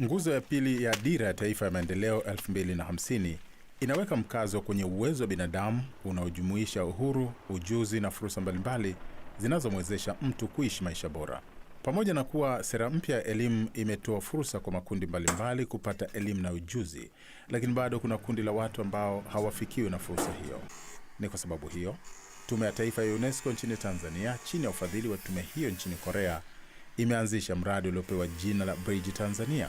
Nguzo ya pili ya Dira ya Taifa ya Maendeleo 2050 inaweka mkazo kwenye uwezo wa binadamu unaojumuisha uhuru, ujuzi na fursa mbalimbali zinazomwezesha mtu kuishi maisha bora. Pamoja na kuwa sera mpya ya elimu imetoa fursa kwa makundi mbalimbali kupata elimu na ujuzi, lakini bado kuna kundi la watu ambao hawafikiwi na fursa hiyo. Ni kwa sababu hiyo, Tume ya Taifa ya UNESCO nchini Tanzania chini ya ufadhili wa tume hiyo nchini Korea imeanzisha mradi uliopewa jina la Bridge Tanzania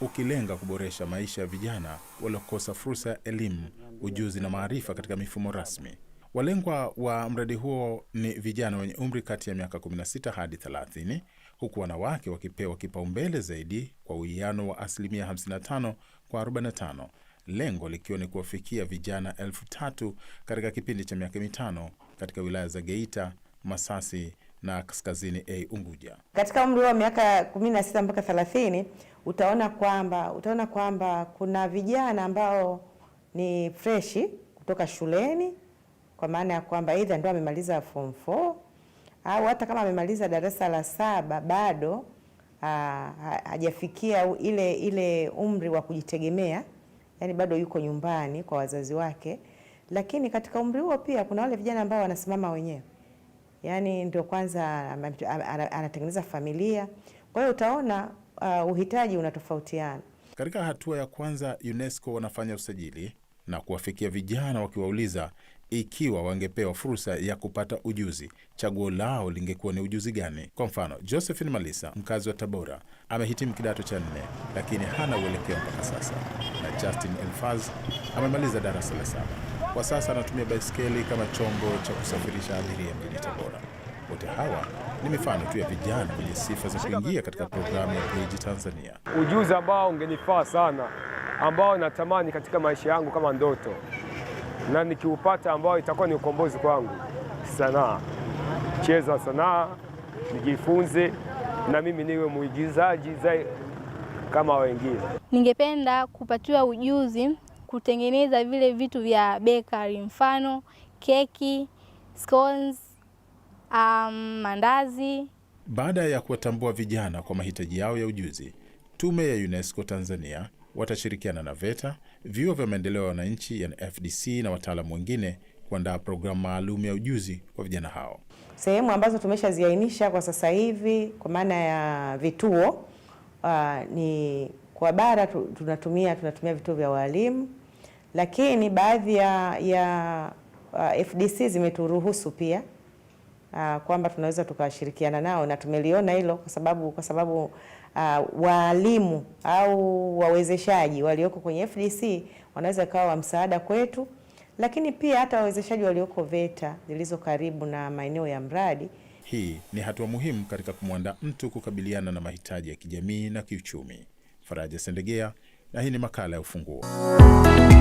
ukilenga kuboresha maisha ya vijana waliokosa fursa ya elimu, ujuzi na maarifa katika mifumo rasmi. Walengwa wa mradi huo ni vijana wenye umri kati ya miaka 16 hadi 30, huku wanawake wakipewa kipaumbele zaidi kwa uwiano wa asilimia 55 kwa 45, lengo likiwa ni kuwafikia vijana elfu tatu katika kipindi cha miaka mitano katika wilaya za Geita, Masasi na Kaskazini A Unguja. Katika umri wa miaka 16 mpaka 30 utaona kwamba utaona kwamba kuna vijana ambao ni freshi kutoka shuleni kwa maana ya kwamba aidha ndio amemaliza form 4 au hata kama amemaliza darasa la saba bado ah, hajafikia ile ile umri wa kujitegemea, yani bado yuko nyumbani kwa wazazi wake. Lakini katika umri huo pia kuna wale vijana ambao wanasimama wenyewe yani ndio kwanza anatengeneza familia. Kwa hiyo utaona uh, uhitaji unatofautiana. Katika hatua ya kwanza, UNESCO wanafanya usajili na kuwafikia vijana wakiwauliza ikiwa wangepewa fursa ya kupata ujuzi, chaguo lao lingekuwa ni ujuzi gani? Kwa mfano, Josephine Malisa, mkazi wa Tabora, amehitimu kidato cha nne, lakini hana uelekeo mpaka sasa, na Justin Elfaz amemaliza darasa la saba. Kwa sasa anatumia baiskeli kama chombo cha kusafirisha abiria mjini Tabora. Wote hawa ni mifano tu ya vijana wenye sifa za kuingia katika programu ya Bridge Tanzania. Ujuzi ambao ungenifaa sana, ambao natamani katika maisha yangu kama ndoto, na nikiupata, ambao itakuwa ni ukombozi kwangu, sanaa, cheza sanaa, nijifunze na mimi niwe mwigizaji zaidi kama wengine. Ningependa kupatiwa ujuzi kutengeneza vile vitu vya bakery, mfano keki, scones, um, mandazi. Baada ya kuwatambua vijana kwa mahitaji yao ya ujuzi, tume ya UNESCO Tanzania watashirikiana na VETA, vyuo vya maendeleo ya wananchi ya FDC na wataalamu wengine kuandaa programu maalum ya ujuzi kwa vijana hao. Sehemu ambazo tumeshaziainisha kwa sasa hivi kwa maana ya vituo uh, ni kwa bara tunatumia tunatumia vituo vya walimu, lakini baadhi ya, ya uh, FDC zimeturuhusu pia uh, kwamba tunaweza tukashirikiana nao na tumeliona hilo kwa sababu kwa sababu uh, walimu au wawezeshaji walioko kwenye FDC wanaweza kawa wa msaada kwetu, lakini pia hata wawezeshaji walioko VETA zilizo karibu na maeneo ya mradi. Hii ni hatua muhimu katika kumwandaa mtu kukabiliana na mahitaji ya kijamii na kiuchumi. Faraja sendegea na hii ni makala ya Ufunguo.